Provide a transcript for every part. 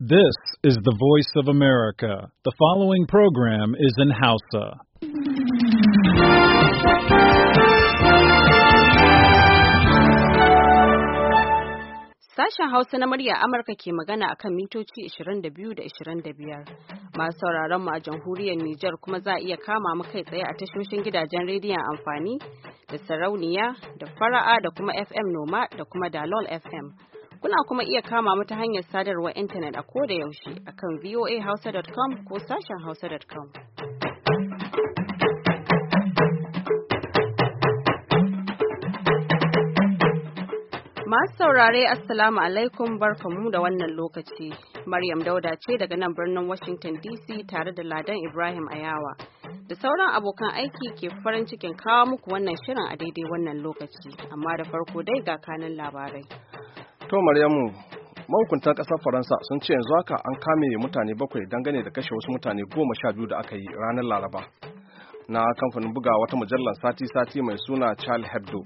This is the voice of America. The following program is in Hausa. Sashen Hausa na murya Amurka ke magana akan mitoci 22 da 25. Masu sauraron mu a jamhuriyar Nijar kuma za a iya kama mu kai tsaye a tashoshin gidajen rediyon amfani da sarauniya da fara'a da kuma FM Noma da kuma Dalol FM. Kuna kuma iya kama mata hanyar sadarwar intanet a ko da yaushe akan voahausa.com ko sashen hausa.com. Masu saurare Assalamu alaikum barkamu da wannan lokaci. Maryam Dauda ce daga nan birnin Washington DC tare da Ladan Ibrahim Ayawa. Da sauran abokan aiki ke farin cikin kawo muku wannan shirin a daidai wannan lokaci, amma da farko dai ga kanan labarai. To Maryamu, mahukuntan ƙasar Faransa sun ce yanzu haka an kame mutane bakwai dangane da kashe wasu mutane goma sha biyu da aka yi ranar Laraba. Na kamfanin buga wata mujallar sati-sati mai suna Charles Hebdo.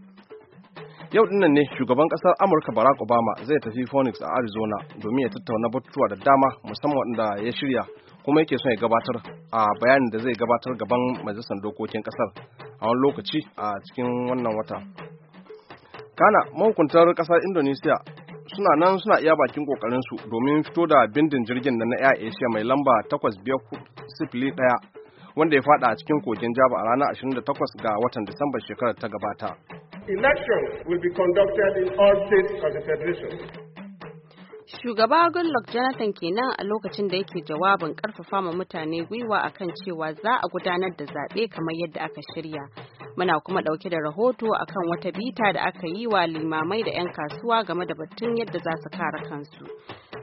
Yau dinnan ne shugaban ƙasar Amurka Barack Obama zai tafi Phoenix a Arizona domin ya tattauna batutuwa da dama musamman waɗanda ya shirya kuma yake son ya gabatar a bayanin da zai gabatar gaban majalisar dokokin ƙasar a wani lokaci a cikin wannan wata kana mahukuntar ƙasar Indonesia. suna nan suna iya bakin kokarin su domin fito da bindin jirgin na Air Asia mai lamba 8501 wanda ya fada a cikin kogin Jaba a ranar 28 ga watan Disamba shekarar ta gabata. Elections will be conducted in Shugaba Goodluck Jonathan kenan a lokacin da yake jawabin karfafa ma mutane gwiwa akan cewa za a gudanar da zaɓe kamar yadda aka shirya. Muna kuma ɗauke da rahoto akan wata bita da aka yi wa limamai da 'yan kasuwa game da batun yadda za su kare kansu.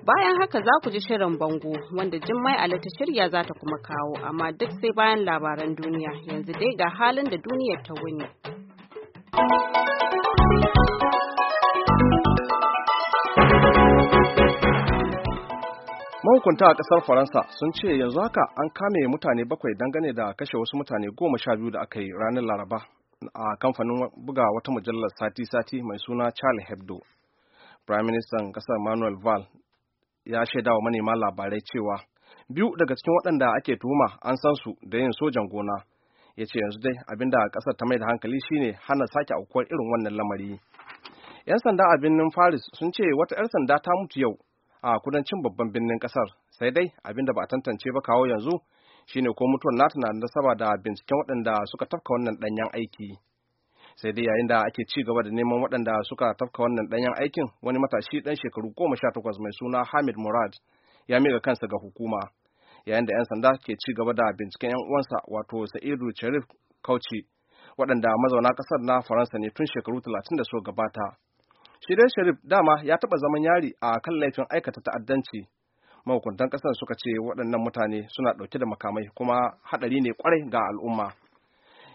Bayan haka za ku ji shirin bango wanda Jummai Ali ta shirya za ta kuma kawo amma duk sai bayan labaran duniya yanzu dai ga halin da duniyar ta wuni. mahukunta a kasar faransa sun ce yanzu haka an kame mutane bakwai dangane da kashe wasu mutane goma sha biyu da aka yi ranar laraba a kamfanin buga wata mujallar sati-sati mai suna charlie hebdo prime minister kasar manuel val ya shaida wa manema labarai cewa biyu daga cikin waɗanda ake tuhuma an san su da yin sojan gona ya ce yanzu dai abinda kasar ta mai da hankali shine hana sake aukuwar irin wannan lamari 'yan sanda a birnin paris sun ce wata 'yar sanda ta mutu yau a kudancin babban birnin kasar sai dai abin da ba a tantance ba kawo yanzu shine ko mutuwar nata na nasaba da binciken waɗanda suka tafka wannan ɗanyen aiki sai dai yayin da ake ci gaba da neman waɗanda suka tafka wannan ɗanyen aikin wani matashi ɗan shekaru goma sha takwas mai suna hamid murad ya mika kansa ga hukuma yayin da 'yan sanda ke ci gaba da binciken 'yan uwansa wato sa'idu sharif kauci waɗanda mazauna ƙasar na faransa ne tun shekaru talatin da suka gabata shi dai sharif dama ya taɓa zaman yari a kan laifin aikata ta'addanci mahukuntan ƙasar suka ce waɗannan mutane suna ɗauke da makamai kuma haɗari ne kwarai ga al'umma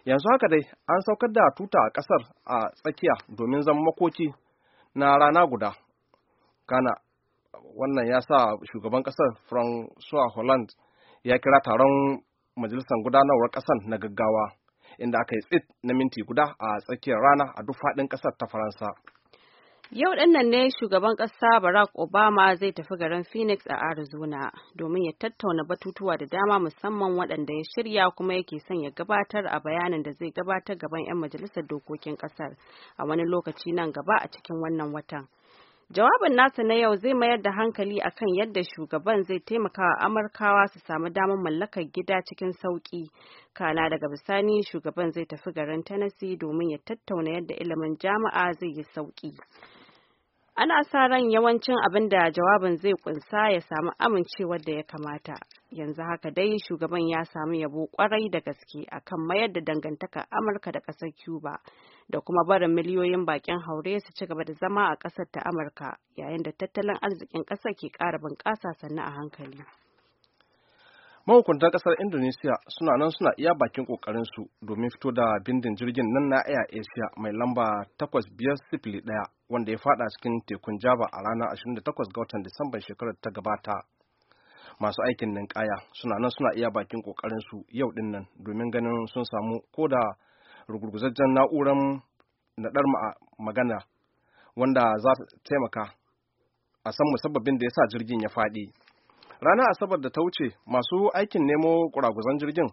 yanzu haka dai an saukar da tuta a ƙasar a tsakiya domin zama makoki na rana guda kana wannan ya sa shugaban ƙasar francois holland ya kira taron majalisar gudanarwar ƙasar na gaggawa inda aka yi tsit na minti guda a tsakiyar rana a duk faɗin ƙasar ta faransa Yau ɗannan ne shugaban ƙasa Barack Obama zai tafi garin Phoenix a Arizona domin ya tattauna batutuwa da dama musamman waɗanda ya shirya kuma yake son ya gabatar a bayanin da zai gabatar gaban 'yan majalisar dokokin ƙasar a wani lokaci nan gaba a cikin wannan watan. Jawabin nasa na yau zai mayar da hankali a kan yadda shugaban zai taimakawa Amurkawa su samu damar mallakar gida cikin sauƙi. Kana daga bisani shugaban zai tafi garin Tennessee domin ya tattauna yadda ilimin jama'a zai yi sauƙi. ana sa ran yawancin abin da jawabin zai kunsa ya samu amincewar da ya kamata yanzu haka dai shugaban ya samu yabo kwarai da gaske a kan mayar da dangantakar amurka da kasar cuba da kuma barin miliyoyin bakin haure su ci gaba da zama a kasar ta amurka yayin da tattalin arzikin kasar ke kara bunƙasa sannu a hankali mahukuntan kasar indonesiya suna nan suna iya bakin kokarinsu domin fito da bindin jirgin nan na air asia mai lamba 8501 wanda ya fada cikin tekun java a ranar 28 ga watan disamban shekarar ta gabata masu aikin ninkaya suna nan suna iya bakin su yau din nan domin ganin sun samu ko da rugurguzajen na'urar naɗar magana wanda za ta taimaka a san musabbabin da yasa jirgin ya faɗi ranar asabar da ta wuce masu aikin nemo kuraguzan jirgin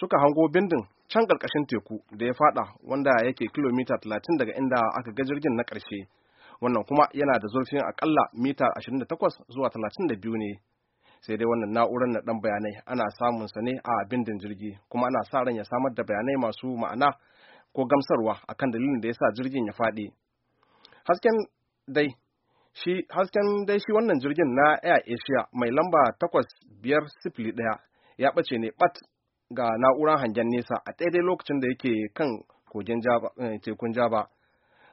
suka hango bindin can ƙarƙashin teku da ya fada wanda yake kilomita 30 daga inda aka ga jirgin na ƙarshe wannan kuma yana da zurfin akalla mita 28 zuwa 32 ne sai dai wannan na'urar na ɗan bayanai ana samun sa ne a bindin jirgi kuma ana sa ran ya samar da bayanai masu ma'ana ko gamsarwa akan dalilin da ya sa jirgin ya faɗi hasken dai shi hasken dai shi wannan jirgin na air asia mai lamba takwas biyar sifili ɗaya ya ɓace ne bat ga na'urar hangen nesa a daidai lokacin da yake kan kogin eh, tekun jaba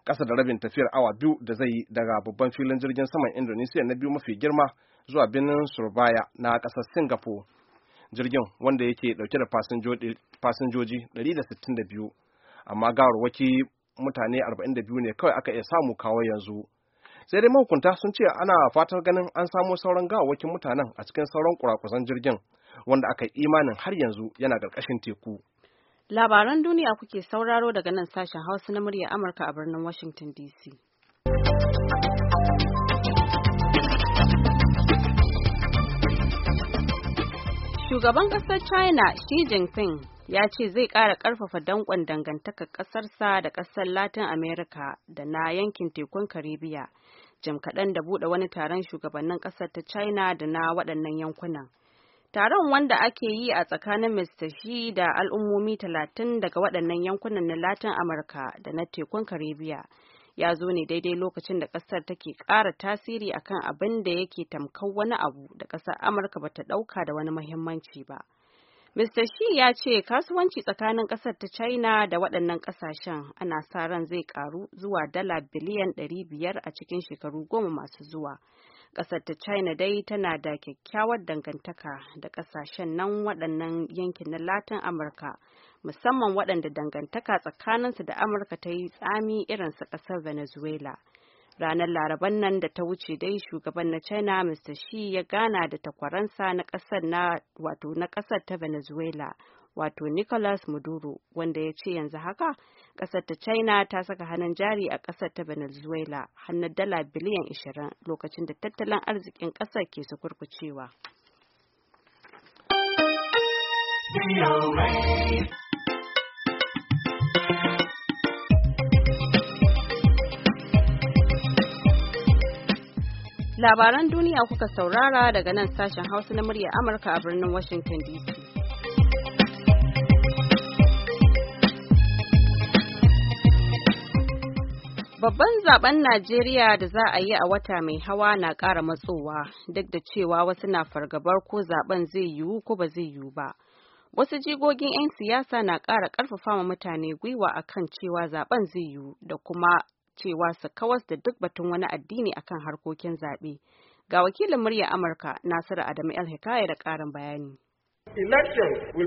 ƙasa da rabin tafiyar awa biyu da zai yi daga babban filin jirgin saman indonesia na biyu mafi girma zuwa birnin surbaya na ƙasar singapore jirgin wanda yake dauke da fasinjoji 162 amma gawarwaki mutane 42 ne kawai aka iya samu kawo yanzu. sai dai mahukunta sun ce ana fatar ganin an samo sauran gawakin mutanen a cikin sauran kurakusan jirgin wanda aka yi imanin har yanzu yana ƙarƙashin teku labaran duniya kuke sauraro daga nan sashen hausa na murya amurka a birnin washington dc Shugaban ƙasar China Xi Jinping ya ce zai ƙara ƙarfafa danƙon dangantakar ƙasarsa da ƙasar Latin America da na yankin tekun Karibiya. Jim kaɗan da buɗe wani taron shugabannin ƙasar ta China da na waɗannan yankunan. Taron wanda ake yi a tsakanin Mr. Xi da al'ummomi talatin daga waɗannan yankunan na Latin Amurka da na tekun Karibiya ya zo ne daidai lokacin da ƙasar take ƙara tasiri akan abin da yake tamkar wani abu da ƙasar Amurka bata ɗauka da wani muhimmanci ba. Mr. Shi ya ce kasuwanci tsakanin ƙasar ta China da waɗannan ƙasashen ana sa ran zai ƙaru zuwa dala biliyan ɗari biyar a cikin shekaru goma masu zuwa. Ƙasar ta China dai tana da kyakkyawar dangantaka da ƙasashen nan waɗannan yankin na Latin Amurka musamman waɗanda dangantaka tsakaninsu da amurka ta yi tsami irin su ƙasar venezuela ranar laraban nan da ta wuce dai shugaban na china mr shi ya gana da takwaransa na ƙasar na wato na ƙasar ta venezuela wato nicolas maduro wanda ya ce yanzu haka ƙasar ta china ta saka hannun jari a ƙasar ta venezuela hannun dala biliyan 20 lokacin da tattalin arzikin ƙasar ke su kurkucewa. Labaran duniya kuka saurara daga nan sashen Hausa na murya Amurka a birnin Washington DC. Babban zaben Najeriya da za a yi a wata mai hawa na ƙara matsowa duk da cewa wasu na fargabar ko zaben zai yiwu ko ba zai yiwu ba. Wasu jigogin 'yan siyasa na ƙara ƙarfafa mutane gwiwa akan cewa zaben zai yiwu da kuma cewa su kawas da duk batun wani addini akan harkokin zaɓe. Ga wakilin murya Amurka Nasiru Adamu El Hikaya da ƙarin bayani. shugaban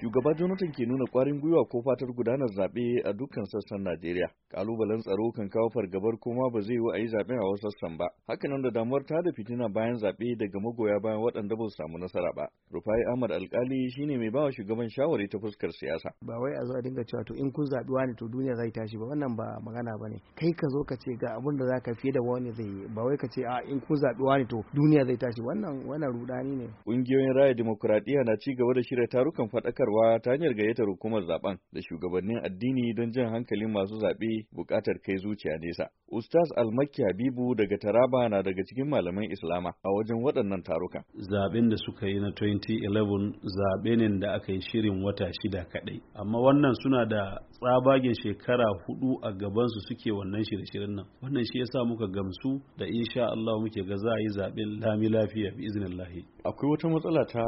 Shugaba Jonathan ke nuna kwarin gwiwa ko fatar gudanar zaɓe a dukkan sassan Najeriya. Kalubalen tsaro kan kawo fargabar koma ba zai yi a yi zaɓen a wasu sassan ba. Hakanan da damuwar ta da fitina bayan zaɓe daga magoya bayan waɗanda ba su samu nasara ba. Rufai Ahmad Alkali shine mai bawa shugaban shawari ta fuskar siyasa. Ba wai a zo a dinga cewa to in kun zaɓi wani to duniya zai tashi ba wannan ba magana ba ne. Kai ka zo ka ce ga abin da za ka fiye da wani zai yi ba wai ka ce a in kun zaɓi wani to duniya zai tashi wannan wannan ruɗa rudani ne. Ƙungiyoyin raya dimokuraɗiyya na ci gaba da shirya tarukan faɗakarwa ta hanyar gayyatar hukumar zaben da shugabannin addini don jan hankalin masu zaɓe buƙatar kai zuciya nesa. Ustaz Almakki Habibu daga Taraba na daga cikin malaman Islama a wajen waɗannan taruka. zaben da suka yi na 2011 zaɓe ne da aka yi shirin wata shida kaɗai. Amma wannan suna da tsabagen shekara hudu a gabansu suke wannan shirye-shiryen nan. Wannan shi yasa muka gamsu da insha Allah muke ga za a yi zaɓen lami lafiya bi iznillah. akwai wata matsala ta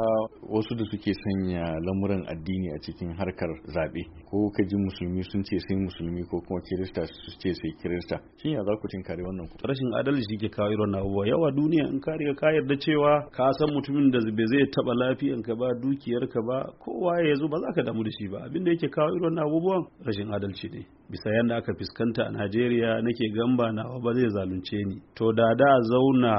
wasu da suke sanya lamuran addini a cikin harkar zaɓe ko ka ji musulmi sun ce sai musulmi ko kuma kirista su ce sai kirista shin ya za ku tinkari wannan ku rashin adalci ke kawo irin abubuwa yawa duniya in ka riga ka yarda cewa ka san mutumin da bai zai taɓa ka ba dukiyarka ba kowa ya zo ba za ka damu da shi ba abin da yake kawo irin abubuwan rashin adalci ne bisa yadda aka fuskanta a najeriya nake gamba nawa ba zai zalunce ni to da da zauna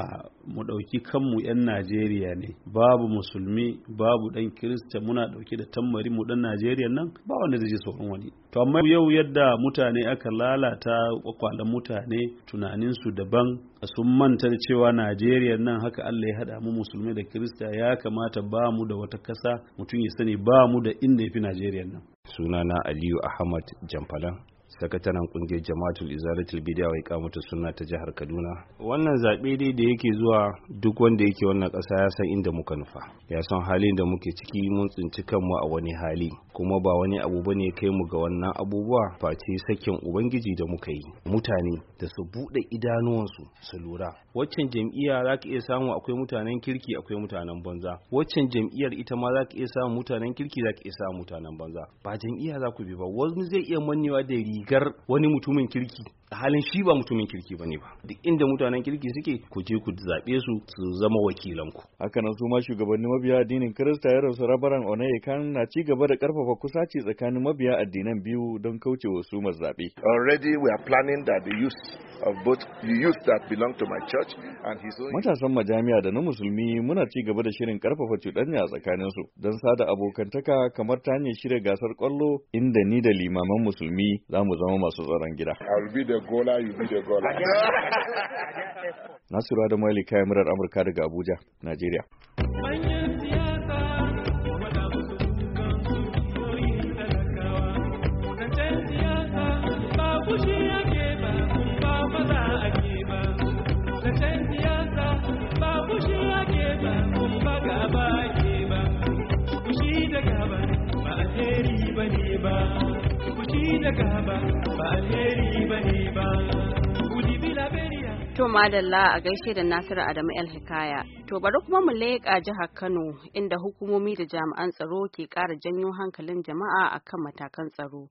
mu ɗauki kanmu 'yan najeriya ne babu musulmi babu ɗan kirista muna ɗauke da tammari mu ɗan najeriya nan ba wanda zai ji tsoron wani to amma yau yadda mutane aka lalata kwakwalen mutane tunaninsu daban a sun manta cewa najeriya nan haka allah ya haɗa mu musulmai da kirista ya kamata ba mu da wata ƙasa mutum ya sani ba mu da inda ya fi najeriya nan sunana aliyu ahmad jamfalan sakataren kungiyar jama'atul izalatul bidiya wai kamata suna ta jihar kaduna wannan zaɓe dai da yake zuwa duk wanda yake wannan ƙasa ya san inda muka nufa ya san halin da muke ciki mun tsinci kanmu a wani hali kuma ba wani abu ba ne kai mu ga wannan abubuwa face sakin ubangiji da muka yi mutane da su buɗe idanuwansu su lura waccan jam'iyya za ka iya samu akwai mutanen kirki akwai mutanen banza waccan jam'iyyar ita ma za ka iya samu mutanen kirki za ka iya samu mutanen banza ba jam'iyya za ku bi ba wani zai iya mannewa da rigar wani mutumin kirki a halin shi ba mutumin kirki ba ne ba duk inda mutanen kirki suke ku je ku zaɓe su su zama wakilanku haka nan su ma shugabannin mabiya addinin kirista ya rasu rabaran onayekan na ci gaba da karfafa kusaci tsakanin mabiya addinan biyu don kauce wa su zaɓe already we are planning that the youth of both the youth that belong to my church and his own matasan majami'a da na musulmi muna ci gaba da shirin karfafa cuɗanya tsakanin su don sada abokantaka kamar ta hanyar shirya gasar kwallo inda ni da limaman musulmi za mu zama masu tsaron gida. da gola gola. Nasiru Adamu Ali kayan murar Amurka daga Abuja, Najeriya. To madalla a gaishe da Nasiru Adamu El Hikaya. To bari kuma mu leƙa jihar Kano inda hukumomi da jami'an tsaro ke ƙara janyo hankalin jama'a akan matakan tsaro.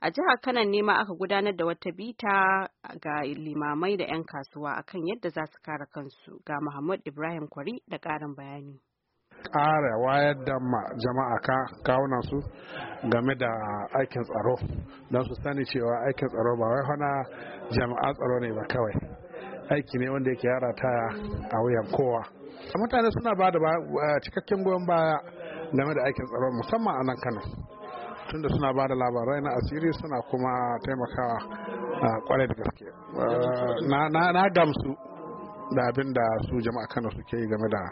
A jihar Kano ne ma aka gudanar da wata bita ga limamai da 'yan kasuwa akan yadda za su kare kansu. Ga Muhammad Ibrahim Kwari da ƙarin bayani. ƙara wayar da jama'a ka kawuna su game da aikin tsaro don su sani cewa aikin tsaro ba wai hana jama'a tsaro ne ba kawai aiki ne wanda yake yara taya a wuyan kowa mutane suna ba da eh, cikakken goyon baya game da aikin tsaron musamman a nan kano tunda suna ba da labarai na asiri suna kuma taimakawa eh, kwarai da gaske eh, na gamsu da abin da su jama'a Kano suke yi game da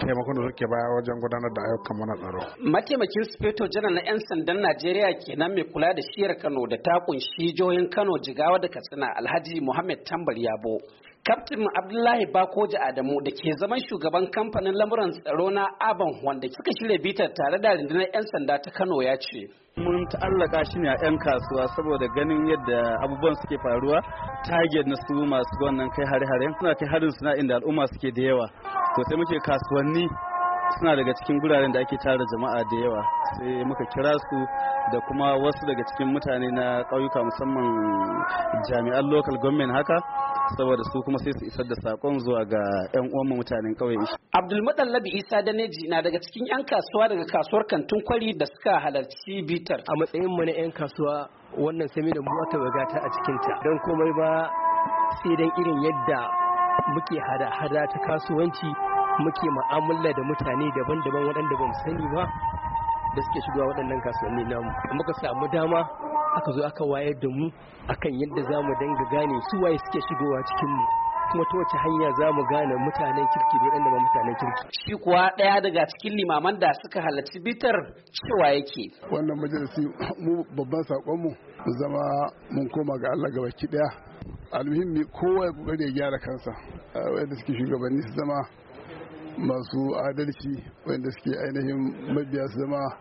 taimakon da suke baya wajen gudanar da ayyukan mana tsaro. Mataimakin Sufeto Janar na 'yan sandan Najeriya kenan mai kula da shiyar Kano da ta kunshi jihohin Kano Jigawa da Katsina Alhaji Muhammad Tambar Yabo Kaftin Abdullahi Bakoji Adamu da ke zaman shugaban kamfanin lamuran tsaro na Aban wanda suka shirya bitar tare da rundunar 'yan sanda ta Kano ya ce. Mun ta'allaka shi ne a 'yan kasuwa saboda ganin yadda abubuwan suke faruwa target na su masu wannan kai hare-haren suna kai harin suna inda al'umma suke da yawa. To sai muke kasuwanni suna daga cikin guraren da ake tara jama'a da yawa sai muka kira su da kuma wasu daga cikin mutane na ƙauyuka musamman jami'an local government haka saboda su kuma sai su isar da sakon zuwa ga 'yan uwanmu mutanen ƙauye. Abdulmadan Labi Isa Daneji na daga cikin 'yan kasuwa daga kasuwar Kantin Kwari da suka halarci bitar. A matsayin mu na 'yan kasuwa wannan sami da mu ta bagata a cikinta don komai ba sai dan irin yadda muke hada-hada ta kasuwanci muke ma'amala da mutane daban-daban waɗanda ba mu sani ba da suke shigowa waɗannan kasuwanni namu muka samu dama aka zo aka wayar da mu akan yadda za mu danga gane su waye suke shigowa cikin mu kuma ta wace hanya za mu gane mutanen kirki da waɗanda ba mutanen kirki. Shi kuwa ɗaya daga cikin limaman da suka halarci bitar cewa yake. Wannan majalisi mu babban saƙonmu mu zama mun koma ga Allah gabaki ɗaya. Almuhimmi kowa ya kokari ya gyara kansa. Eh, Wanda suke shugabanni su zama masu adalci wanda suke ainihin mabiya su zama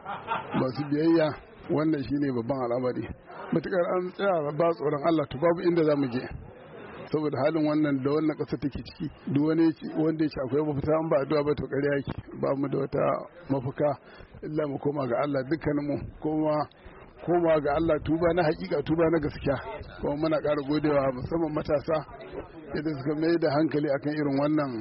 masu biyayya wannan shine babban al'amari matukar an tsaya ba tsoron Allah to babu inda za mu je saboda halin wannan da wannan ƙasa take ciki duk wani wanda yake akwai mafita an ba addu'a ba to ƙarya yake ba mu da wata mafuka illa mu koma ga Allah dukkanmu koma koma ga Allah tuba na hakika tuba na gaskiya kuma muna ƙara godewa musamman matasa idan suka mai da hankali akan irin wannan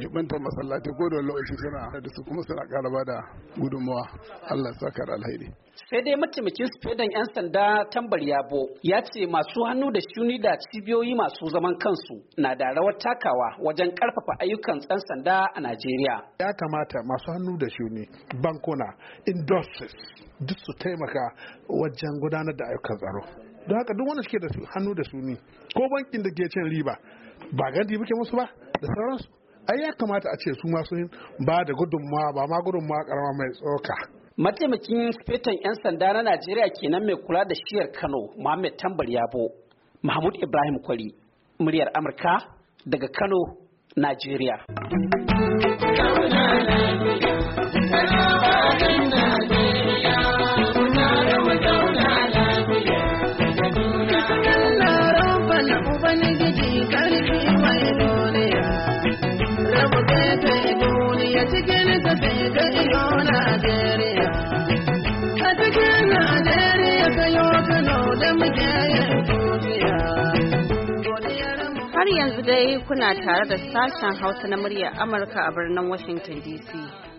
jubintar masallatai ko da lokaci suna da su kuma suna ba da gudunmawa Allah ya saka alheri sai dai mataimakin spedan yan sanda tambar yabo ya ce masu hannu da shuni da cibiyoyi masu zaman kansu na da rawar takawa wajen karfafa ayyukan tsan sanda a Najeriya ya kamata masu hannu da shuni bankuna industries duk su taimaka wajen gudanar da ayyukan tsaro don haka duk wanda suke da hannu da suni ko bankin da ke cin riba ba gandi muke musu ba da sauransu ai ya kamata a ce su masu ba da gudunmawa ba ma gudunmawa karama mai tsoka mataimakin fetan 'yan sanda na najeriya kenan mai kula da shiyar kano muhammed tambar yabo mahmud ibrahim kwari muryar amurka daga kano najeriya Har yanzu dai kuna tare da sashen Hausa na murya Amurka a birnin Washington DC.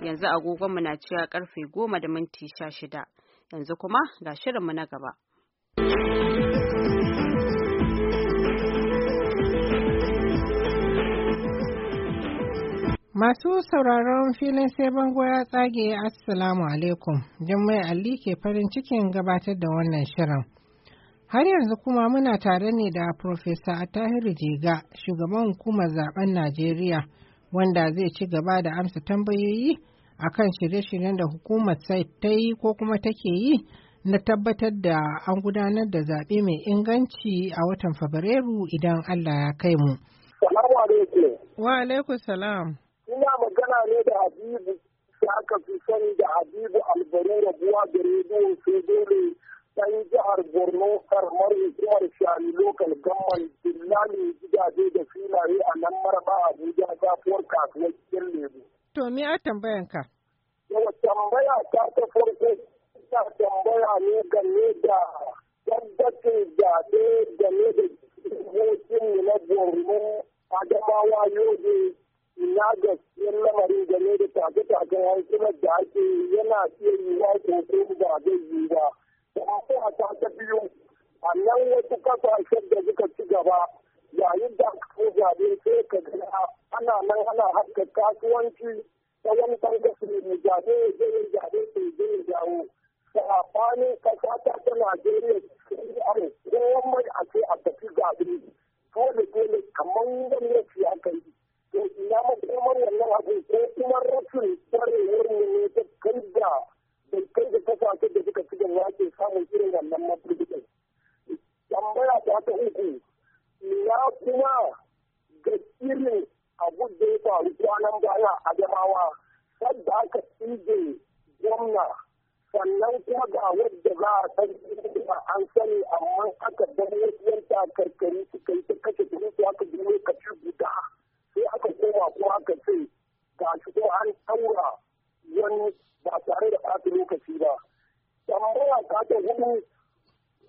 Yanzu agogonmu na cewa karfe goma da minti sha Yanzu kuma ga shirinmu na gaba. Masu sauraron filin sai bango ya tsage Assalamu alaikum. Jummai Ali ke farin cikin gabatar da wannan shirin. Har yanzu kuma muna tare ne da Profesa Atahiru Jega, shugaban hukumar zaben Najeriya, wanda zai ci gaba da amsa tambayoyi akan shirye-shiryen da hukumar ta yi ko kuma take yi na tabbatar da an gudanar da zaɓe mai inganci a watan Fabrairu idan Allah ya kai mu. Wa alaikum salam. Ina magana ne da Habibu, da aka fi sani da Habibu Albaru Rabuwa da rediyo sai sai jihar borno karamar hukumar shari lokal gamman dillali gidaje da filaye a nan maraba abuja sabuwar kasuwar cikin lebu. to me a tambayan ka. tambaya ta ta farko ta tambaya ne game da tabbacin zaɓe game da jihohin na borno adamawa yobe ina cikin lamarin game da tafi taken hankulan da ake yana iya ko ko ba zai yi ba. gaba ko a ta biyu a nan wasu kasashen da suka ci gaba yayin da ko yi zaɓe sai ka gana ana nan ana harka kasuwanci ta wani bangare mai zaɓe ya je ya zaɓe sai je ya dawo saɓanin ƙasa ta ta Najeriya sai a kowan mai a ce a tafi zaɓe dole dole kamar gwamnati ya kai to ina makomar wannan abu ko kuma rashin kwarewar ne ta kai da kai da kasashe da suka fi gaba ke samun irin wannan mafirgitin. Tambaya ta ta uku, ya kuma ga irin abu da ya faru kwanan baya a jamawa, sadda aka tsige gwamna sannan kuma ga wadda za a san kuma an sani amma aka dabo wasu yanta karkari suka yi ta kashe kuɗi su aka biyo ka ci guda sai aka koma ko aka ce ga shi ko an ɗaura wani ba tare da ɓata lokaci ba tambaya ta ta hudu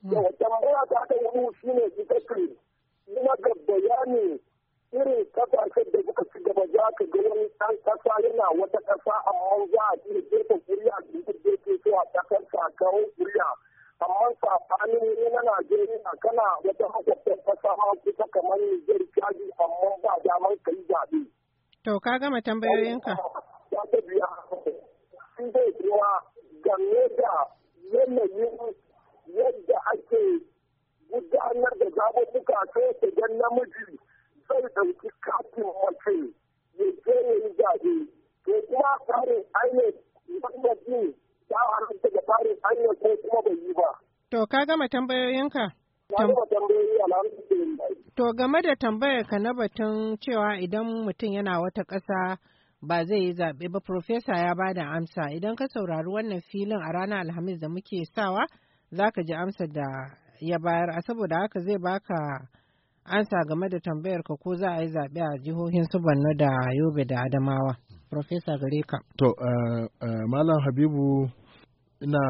hmm. eh, tambaya ta ta hudu shine ita ce kuma ga bayani irin kasashen da suka ci gaba za ka ga wani ɗan ƙasa yana wata ƙasa amma za a iya jefa kuriya da ita jefe su a ƙasar sakawar kuriya amma saɓanin ne na Najeriya kana wata makwabtar ƙasa ma kusa kamar Nijar caji amma ba damar ka yi zaɓe. To ka gama tambayoyinka. ta ta biya zai cewa game da yanayin yadda ake gudanar da zaɓuɓɓuka sai ta gan namiji zai ɗauki katin mace ya je ya yi zaɓe to kuma tsarin ainihin mamajin ya haramta da tsarin ainihin ko kuma bai yi ba. To ka gama tambayoyinka? To game da tambayar ka na batun cewa idan mutum yana wata ƙasa ba zai yi zaɓe ba Profesa ya ba da amsa idan ka saurari wannan filin a ranar Alhamis da muke sawa za ka ji amsa da ya bayar a saboda haka zai baka ansa game da tambayar ka ko za a yi zaɓe a jihohin su Borno da Yobe da Adamawa. Profesa gare ka. To, eh, eh, Malam Habibu ina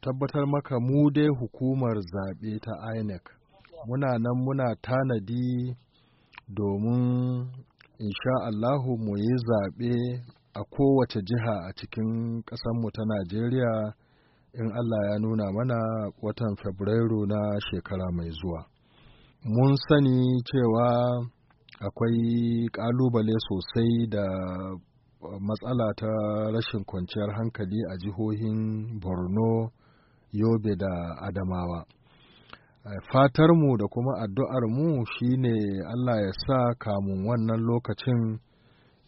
tabbatar maka mu dai hukumar zaɓe ta INEC. Muna nan muna tanadi domin insha Allahu mu yi zaɓe a kowace jiha a cikin ƙasanmu ta Najeriya in Allah ya nuna mana watan Fabrairu na shekara mai zuwa. Mun sani cewa akwai ƙalubale sosai da matsala ta rashin kwanciyar hankali a jihohin Borno, Yobe da Adamawa. Fatar mu da kuma addu'ar addu'armu shine Allah ya sa kamun wannan lokacin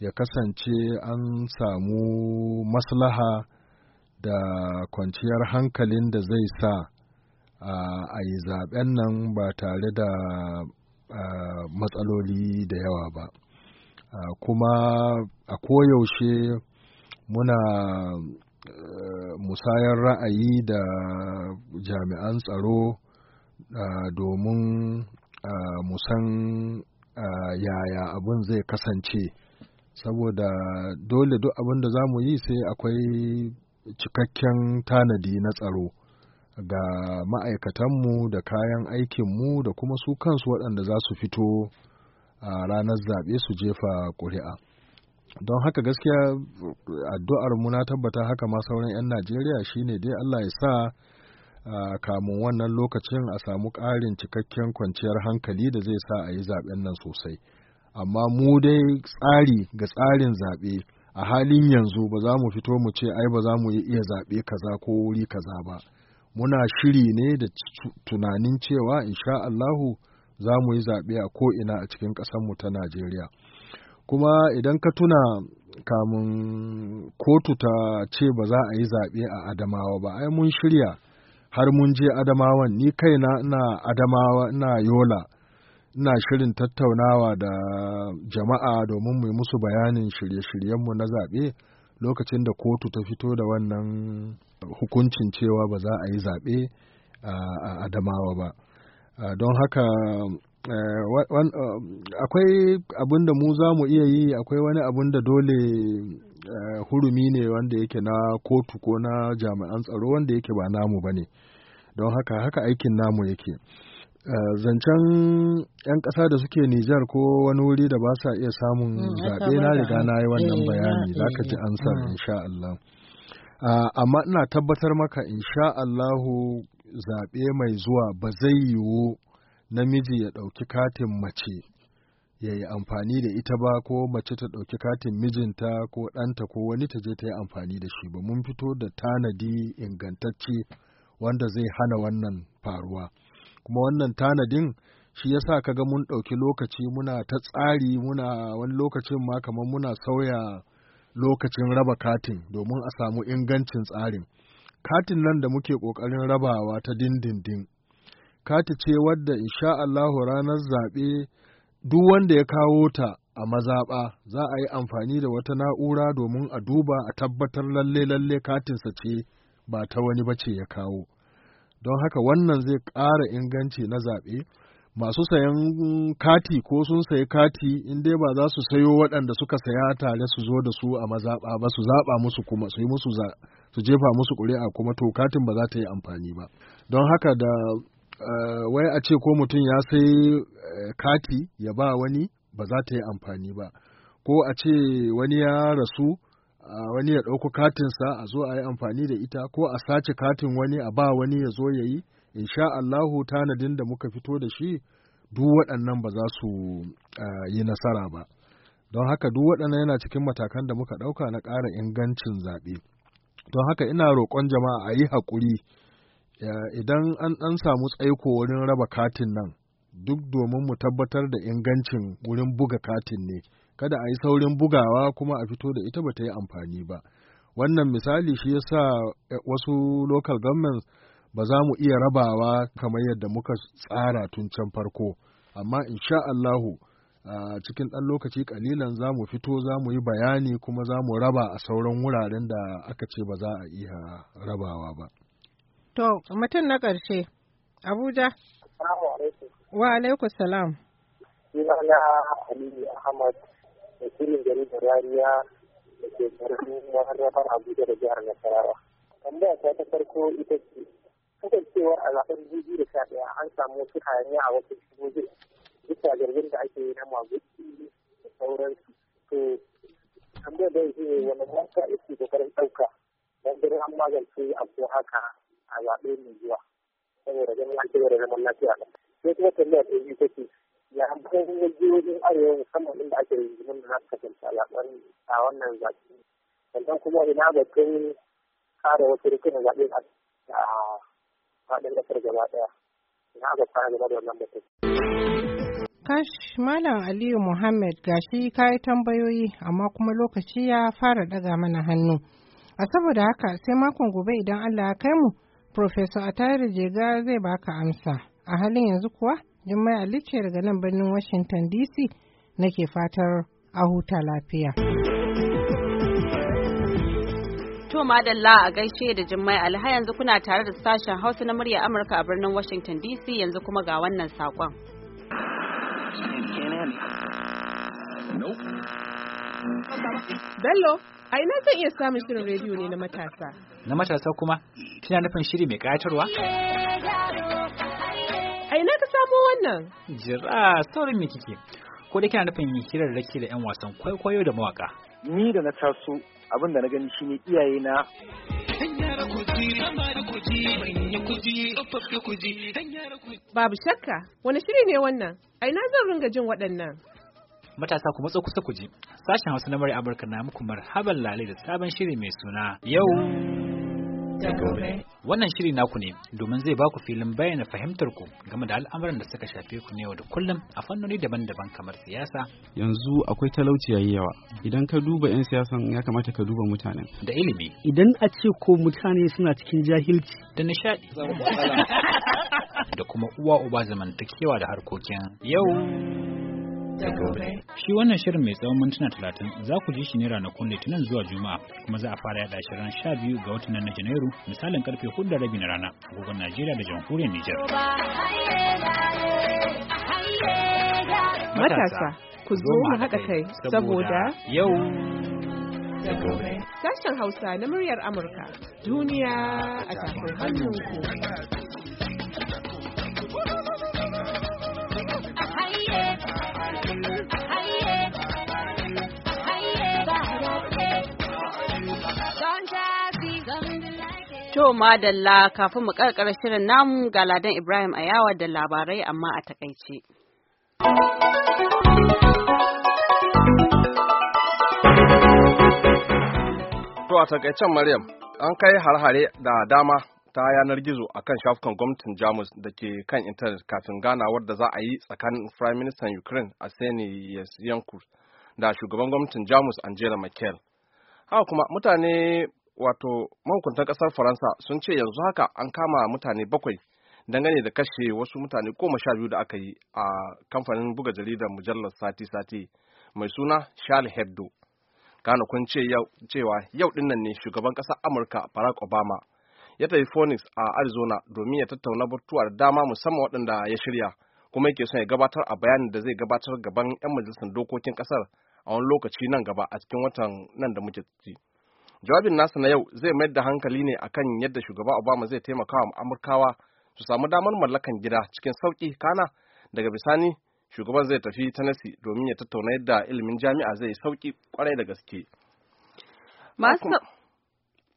ya kasance an samu maslaha da kwanciyar hankalin da zai sa a yi zaben nan ba tare da matsaloli da yawa ba kuma a koyaushe muna eh, musayar ra'ayi da jami'an tsaro domin mu san yaya abun zai kasance saboda dole duk abin da za mu yi sai akwai cikakken tanadi na tsaro ga ma'aikatanmu da kayan aikinmu da kuma su kansu waɗanda za su fito a ranar zaɓe su jefa ƙuri'a don haka gaskiya addu'ar mu na tabbata haka ma sauran 'yan najeriya shine dai allah ya sa kamun wannan lokacin a samu ƙarin cikakken kwanciyar hankali da zai sa a yi zaɓen nan sosai amma mu dai tsari ga tsarin zaɓe a halin yanzu ba za mu fito mu ce ai ba za mu iya zaɓe kaza ko wuri kaza ba muna shiri ne da tunanin cewa insha Allahu za mu yi zaɓe a ko'ina a cikin ƙasarmu ta Najeriya kuma idan ka tuna kamun kotu ta ce ba za a yi zaɓe a Adamawa ba ai mun shirya har mun je adamawan ni kaina ina adamawa ina yola ina shirin tattaunawa da jama'a domin mu musu bayanin shirye-shiryenmu na zaɓe lokacin da kotu ta fito da wannan hukuncin cewa ba za a yi zaɓe a adamawa ba don haka eh, um, akwai abin da mu za mu iya yi akwai wani abin da dole Eh, hurumi ne wanda yake na kotu ko na jami'an tsaro wanda yake ba namu ba ne don haka haka aikin namu yake eh, zancen 'yan ƙasa da suke nijar ko wani wuri da ba sa iya samun mm, zaɓe na riga na yi wannan eh, bayani za ka ji ansa mm. insha Allah ah, amma ina tabbatar maka insha Allahu zaɓe mai zuwa ba zai yiwu namiji ya ɗauki katin mace ya yi amfani da ita ba ko mace ta ɗauki katin mijinta ko ɗanta ko wani ta je ta yi amfani da shi ba mun fito da tanadi ingantacce wanda zai hana wannan faruwa kuma wannan tanadin shi ya yasa ga mun ɗauki lokaci muna ta tsari muna wani lokacin ma kamar muna sauya lokacin raba katin domin a samu ingancin tsarin katin nan da muke ƙoƙarin rabawa ta dindindin kati ce wadda insha Allahu ranar zaɓe duk wanda ya kawo ta a mazaɓa za a yi amfani da wata na'ura domin a duba a tabbatar lalle-lalle katinsa ce ba ta wani ba ce ya kawo don haka wannan zai ƙara inganci na zaɓe masu sayan kati ko sun sayi kati in dai ba za su sayo waɗanda suka saya tare su zo da su a mazaɓa ba su zaɓa musu kuma su yi musu su jefa musu ƙuri'a kuma to katin ba za ta yi amfani ba don haka da Eh, wai a ce ko mutum ya sai eh, kati ya ba wani ba za ta yi amfani ba ko a ce wani ya rasu wani ya ɗauko katinsa a zo a yi amfani da ita ko a sace katin wani a ba wani ya zo ya yi insha Allahu tanadin da muka fito da shi duk waɗannan ba za su eh, yi nasara ba don haka duk waɗannan yana cikin matakan da muka ɗauka na ƙara ingancin zaɓe don haka ina roƙon jama'a a yi haƙuri Eh, idan an ɗan samu tsaiko wurin raba katin nan duk domin mu tabbatar da ingancin wurin buga katin ne kada a yi saurin bugawa kuma a fito da ita ba ta yi amfani ba wannan misali shi yasa eh, wasu local governments ba za mu iya rabawa kamar yadda muka tsara tun can farko amma insha Allahu a cikin ɗan lokaci kalilan za mu fito za mu yi bayani kuma za mu raba a sauran wuraren da aka ce ba za a iya rabawa ba. To, mutum na ƙarshe, Abuja. Wa alaikum salam. Ina na Aliyu Ahmad, wakilin da Rariya da ke garin Maharrafar Abuja da jihar Nasarawa. Tambaya ta ta farko ita ce, kasancewar a zaɓen dubu da sha ɗaya an samu wasu hayaniya a wasu shigogin bisa zargin da ake yi na magudu da sauransu. To, tambayar da yake wani mata ake kokarin ɗauka don ganin an magance abu haka a zaɓe mai zuwa saboda ganin an cigaba da zaman lafiya sai kuma tambaya ta yi take ya amfani da jihohin arewa musamman inda ake rigimin da za su kasance alaƙar a wannan zaɓe sannan kuma ina kai kare wasu rikunan zaɓe a faɗin ƙasar gaba ɗaya ina ga kwana gaba da wannan batun. Kash Malam Aliyu Muhammad gashi ka yi tambayoyi amma kuma lokaci ya fara ɗaga mana hannu. A saboda haka sai makon gobe idan Allah ya kai mu Profesa Atari Jega zai baka amsa. A halin yanzu kuwa, Jummai Ali ce daga nan birnin Washington DC nake fatar a huta lafiya. To madalla a gaishe da Jummai Ali har yanzu kuna tare da sashen Hausa na murya Amurka a birnin Washington DC yanzu kuma ga wannan saƙon. Bello, a ina zan iya samun shirin rediyo ne na matasa. na matasa kuma kina nufin shiri mai kayatarwa? A ina ka samo wannan? Jira saurin me kike. Ko da kina nufin hirarraki da 'yan wasan kwaikwayo da mawaka. Ni da na taso abin da na gani shine iyaye na Babu shakka, wani shiri ne wannan? A ina zan ringa jin waɗannan? matasa kuma matso kusa ku ji. Sashen Hausa na Amurka na muku marhaban lalai da sabon shiri mai suna yau Wannan shiri naku ne domin zai baku filin bayyana fahimtar ku game da al'amuran da suka shafe ku ne yau da kullum a fannoni daban-daban kamar siyasa. Yanzu akwai talauci yayi yawa. Idan ka duba 'yan siyasan ya kamata ka duba mutanen. Da ilimi. Idan a ce ko mutane suna cikin jahilci. Da nishaɗi. da kuma uwa uba zamantakewa da harkokin yau. Shi wannan shirin mai tsawon mintuna talatin za ku ji shi ne ranakun litinin zuwa juma'a kuma za a fara yada shirin sha biyu ga watan na janairu misalin karfe hudu da rabi na rana agogon Najeriya da jamhuriyar Nijar. Matasa ku zo mu haɗa kai saboda yau Sashen Hausa na muryar Amurka duniya a tafin hannunku. To madalla kafin mu karkara shirin namu ga Ladan Ibrahim Ayawa da labarai amma a takaice. To a takaicen Maryam an kai har da dama ta yanar gizo a kan shafukan gwamnatin jamus da ke kan intanet kafin ganawar da za a yi tsakanin prime minister ukraine arseniy yanku da shugaban gwamnatin jamus angela merkel haka kuma mutane wato mahukuntan kasar faransa sun ce yanzu haka an kama mutane bakwai dangane da kashe wasu mutane goma sha biyu da aka yi a kamfanin buga jaridar mujallar sati-sati mai suna charles hebdo kana kun cewa yau dinnan ne shugaban kasar amurka barack obama ya tafi Phoenix a Arizona domin ya tattauna batutuwa da dama musamman waɗanda ya shirya kuma yake son ya gabatar a bayanin da zai gabatar gaban 'yan majalisar dokokin ƙasar a wani lokaci nan gaba a cikin watan nan da muke ciki. Jawabin nasa na yau zai mayar da hankali ne akan yadda shugaba Obama zai taimaka wa Amurkawa su samu damar mallakan gida cikin sauƙi kana daga bisani shugaban zai tafi tanasi domin ya tattauna yadda ilimin jami'a zai sauƙi kwarai da gaske.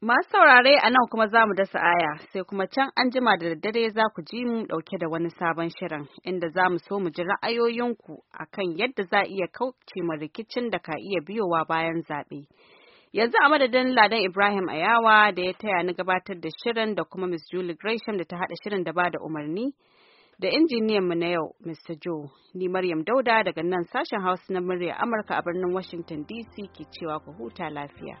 Masu saurare a nan kuma za mu dasa aya sai kuma can an jima da daddare za ku ji mu ɗauke da wani sabon shirin inda za mu so mu ji ra'ayoyinku a kan yadda za a iya kauce ma rikicin da ka iya biyowa bayan zaɓe. Yanzu a madadin Ladan Ibrahim Ayawa da ya taya ni gabatar da shirin da kuma Miss Julie Gresham da ta haɗa shirin da ba da umarni da injiniyan mu na yau Mr. Joe ni Maryam Dauda daga nan sashen Hausa na murya Amurka a birnin Washington DC ke cewa ku huta lafiya.